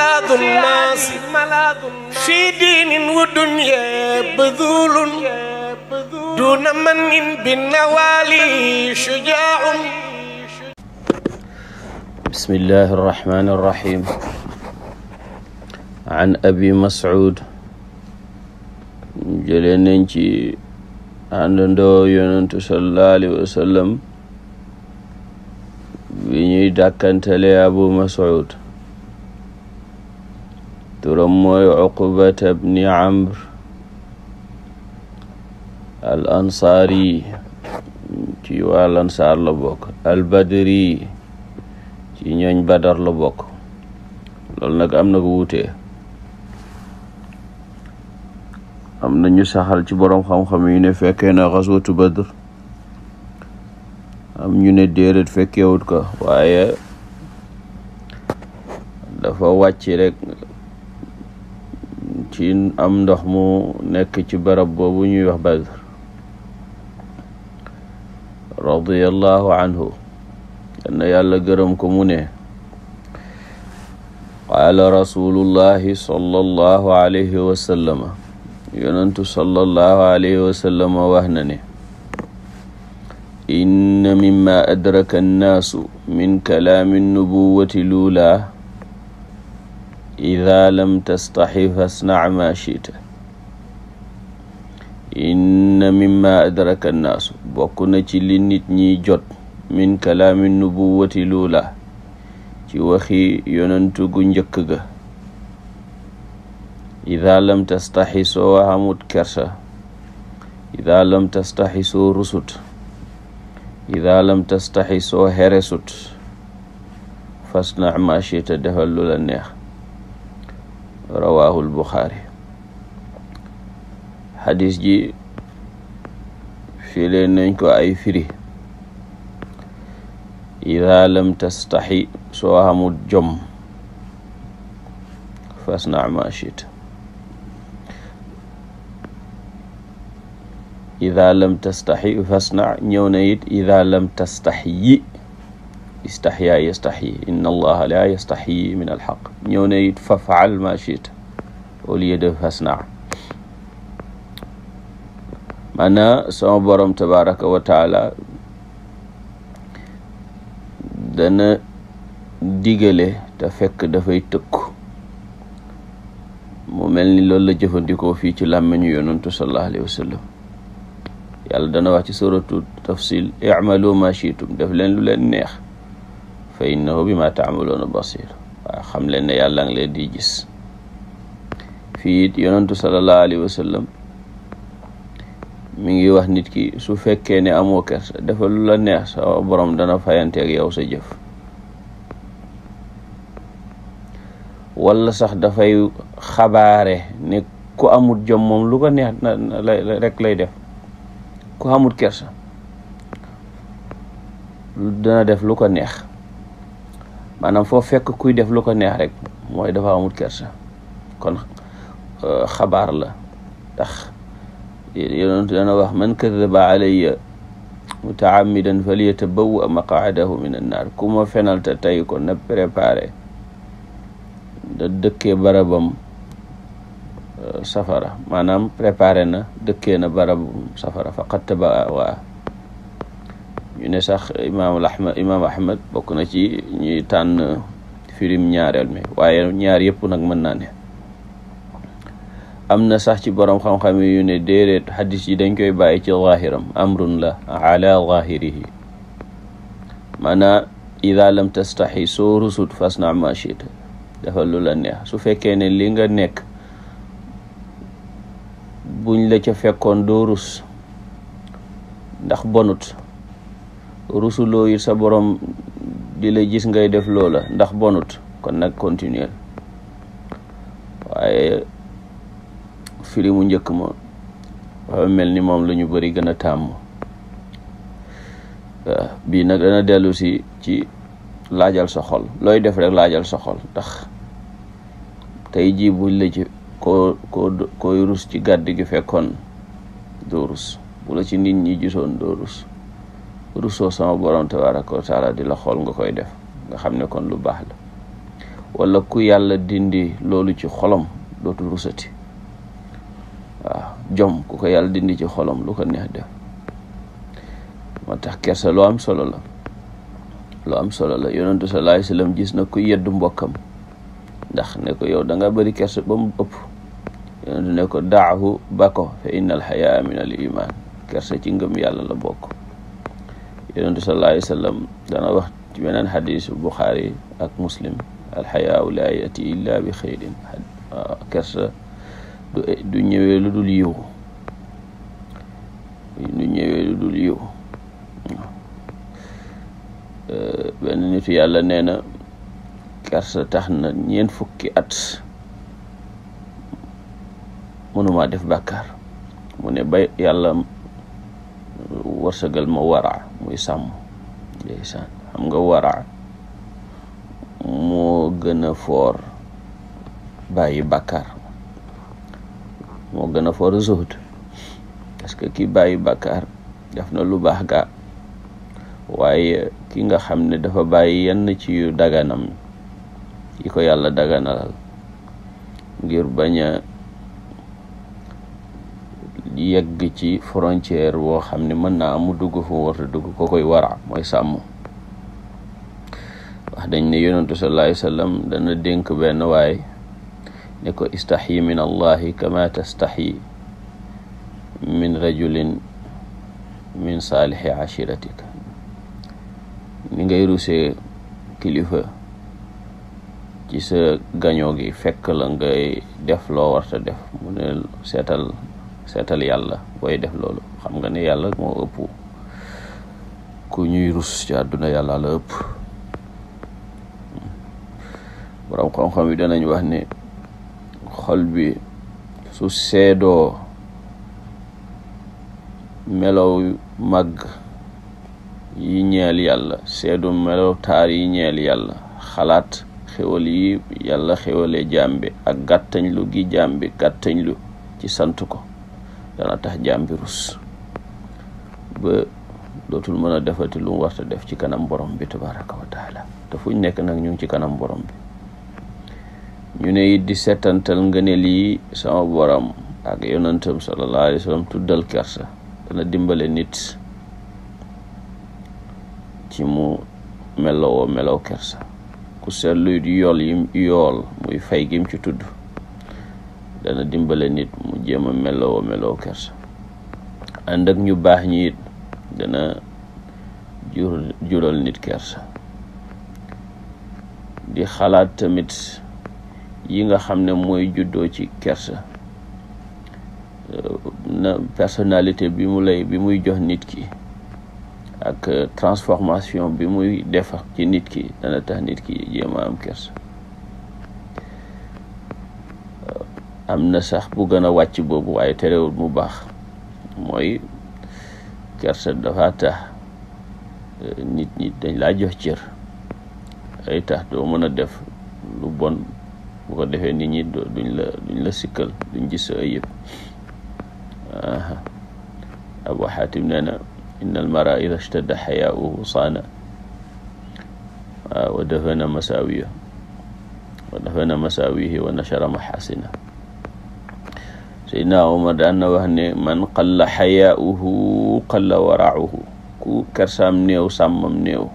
ملاذ الناس في دين ودنيا بذول دون من بالنوالي شجاع بسم الله الرحمن الرحيم عن أبي nañ ci àndandoo yonentu sallallahu alayhi wa sallam abu mas'ud turam mooy uqbata bni amr al ansaari ci waa lansaar la bokk al badri ci ñooñ badar la bokk loolu nag am na ko wuute am na ñu saxal ci boroom xam-xam yi ne fekkee na xaswatu badr am ñu ne déedéet fekkewut ko waaye dafa wàcc rek ci am ndox mu nekk ci barab boobu ñuy wax Badr radiyallahu anhu na yàlla gërëm ko mu ne qaala rasulullahi sallallahu alayhi wa sallama yonentu sallallahu alayhi wa sallama wax na ne inna mimma adraka annaasu min kalaami nubuwati luulaa ida lam tastaxi fasnac ma chita inna mimma adraka annaasu bokk na ci li nit ñi jot min kalaami nubuwati luula ci waxi yonantu gu njëkk ga ida lam tastaxi soo amut kersa ida lam tastaxi soo rusut ida lam tastaxi soo heresut fasnac ma chita defal lu la neex rawaahul buxaari xadis ji fii leen nañ ko ay firi ida lam tastaxi soo xamul jom fasna ma chita ida lam tastaxi fasna ñëw na it ida lam tastaxi istaxyaa yastaxyi inna allaha la yastaxyi min alxaq ñëw ne it fa faal ma chita au lieu de fasna maanaa sama borom tabaraka wa taala dana digale te fekk dafay tëkku mu mel ni loolu la jëfandikoo fii ci làmmiñu yonantu sallallahu alayhi wa sallam yàlla dana wax ci suratu tafsil i'malu ma shi'tum def leen lu leen neex fa innahu bi ma taamaluuna basir waaw xam leen ne yàlla ngi leen di gis fii it yonentu alayhi wa mi ngi wax nit ki su fekkee ne amoo kersa dafa lu la neex sa borom dana fayanteeg yow sa jëf wala sax dafay xabaare ne ku amut jom moom lu ko neex rek lay def ku amut kersa dana def lu ko neex maanaam foofu fekk kuy def lu ko neex rek mooy dafa amul kersa kon euh, xabaar la ndax yonentu dana wax man kadaba alayya mutaamidan falyatabawwa maqaadahu min annaar ku ma fenal te tey kon na préparé da dëkkee barabam euh, safara maanaam préparé na dëkke na barabam safara faqad tabawaa ñu ne sax imaamul imaam ahmad bokk na ci ñuy tànn firim ñaareel mi waaye ñaar yëpp nag mën naa ne am na sax ci borom xam-xam yu ne déedéet xadis yi dañ koy bàyyi ci zaahiram amrun la ala zaahirihi maanaa ida lam tastaxi soo rusut fasna ma chita dafa lu la neex su fekkee ne li nga nekk buñ la ca fekkoon doo rus ndax bonut rusuloo yi sa boroom di la gis ngay def loola ndax bonut kon nag continuer waaye firi njëkk ma dafa mel ni moom la ñu bëri gën a tàmm bii nag dana dellusi ci laajal sa xol looy def rek laajal sa xol ndax tey jii buñ la ci koo koo koy rus ci gàdd gi fekkoon doo rus bu la ci nit ñi gisoon doo rus rusoo sama borom tabaraka wa taala di la xool nga koy def nga xam ne kon lu baax la wala ku yàlla dindi loolu ci xolom dootul rusati waaw jom ku ko yàlla dindi ci xolom lu ko neex def moo tax kersa lu am solo la lu am solo la yonentu sallallahu alayhi wasallam gis na ku yeddu mbokkam ndax ne ko yow danga bari bëri kersa ba mu ëpp yonentu ne ko daahu ba ko fa inna al xayaa al iman kersa ci ngëm yàlla la bokk yonentu sallallahu alayhi wa sallam dana wax ci beneen xadisu buxaari ak muslim alxayaau laa yati illa bi xayrin waaw kersa du du ñëwee lu dul yiw du ñëwee lu dul yiw benn nitu yàlla nee na kersa tax na ñeent fukki at mënumaa def bàkkaar mu ne bay yàlla warsagal ma wara muy sàmm ndeysaan xam nga wara moo gën a foor bàyyi bakkar moo gën a foor zuhud parce que ki bàyyi bàkkaar def na lu baax ga waaye ki nga xam ne dafa bàyyi yenn ci yu daganam yi ko yàlla daganalal ngir bañ yegg ci frontière woo xam ne mën na amu dugg fu mu warta dugg ko koy wara mooy sàmm wax dañ ne yonentu sallallahu alayhi dana dénk benn waay ne ko istaxi min allahi kama tastaxyi min rajulin min saalixi ashiratika ni ngay rusee kilifa ci sa gañoo gi fekk la ngay def loo warta def mu ne seetal seetal yàlla booy def loolu xam nga ne yàlla moo ëpp ku ñuy rus ci àdduna yàlla la ëpp borom xam-xam yi danañ wax ne xol bi su seedoo melow màgg yi ñeel yàlla seedu melow taar yi ñeel yàlla xalaat xéwal yi yàlla xéwalee jaam bi ak gàttañ lu gi jaam gàttañ lu ci sant ko yàlla tax jaam ba dootul mën a defati lu mu warta def ci kanam borom bi tabaraka wa te fuñ nekk nag ñu ngi ci kanam borom bi ñu ne it di setantal ngëneel yi sama borom ak yonantam sallallahu alayhi wa tuddal kersa dana dimbale nit ci mu melowoo melow kersa ku seetlu yool yim yool muy fay gim ci tudd dana dimbale nit mu jéem a meloo meloo kersa ànd ñu baax ñi dana jur jural nit kers di xalaat tamit yi nga xam ne mooy juddoo ci kersa na personnalité bi mu lay bi muy jox nit ki ak transformation bi muy defar ci nit ki dana tax nit ki jéem a am kers am na sax bu gën a wàcc boobu waaye terewul mu baax mooy kersa dafa tax eh, nit ñi dañ laa jox cër ay tax doo mën def lu bon bu ko defee nit ñi duñ la duñ la sikkal duñ gis sa ayib abu xaatim nee na inna almara ida shtadda xayaauhu saana waaw wa dafana masaawiya wa dafana masaawihi maxaasina Seydina Omar daan na wax ne man qalla xayaauhu qalla warauhu ku kersaam néew sàmmam néew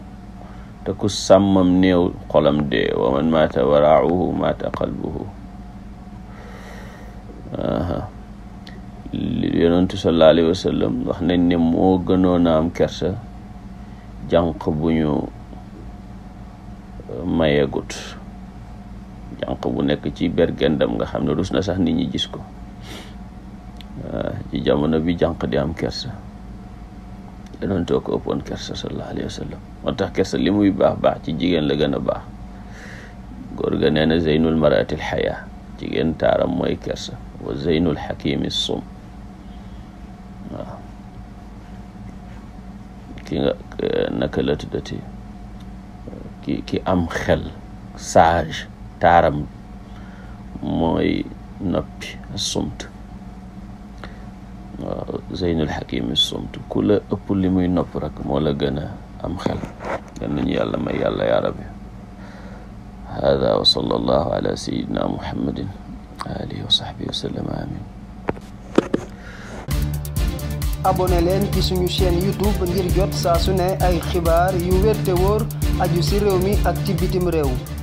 te ku sàmmam néew xolam dee wa man maata warauhu maata qalbuhu yonentu sallallahu alayhi wa sallam wax nañ ne moo gënoon a am kersa jànq bu ñu euh, mayeegut jànq bu nekk ci bergendam nga xam ne rus na sax ni ñi gis ko Eh, ci jamono bi jànq di am kersa yonent ko ëppoon kersa moo tax kersa li muy baax baax ci jigéen la gën a baax góor ga nee na zeynul maratil xayaa taaram mooy kersa wa zeynul xakimi sum waaw ki nga eh, naka la tuddati ki am xel sage taaram mooy noppi sumt zeynul xakim sumtu ku la ëpp li muy nopp rek moo gën a am xel gën nañu yàlla may yàlla yaa rabbi hada wa sallallahu ala sayidina muhammadin alihi wa sahbihi wa amin abonné leen ci suñu chaîne youtube ngir jot saa su ne ay xibaar yu wér te wóor aju si réew mi ak ci bitim réew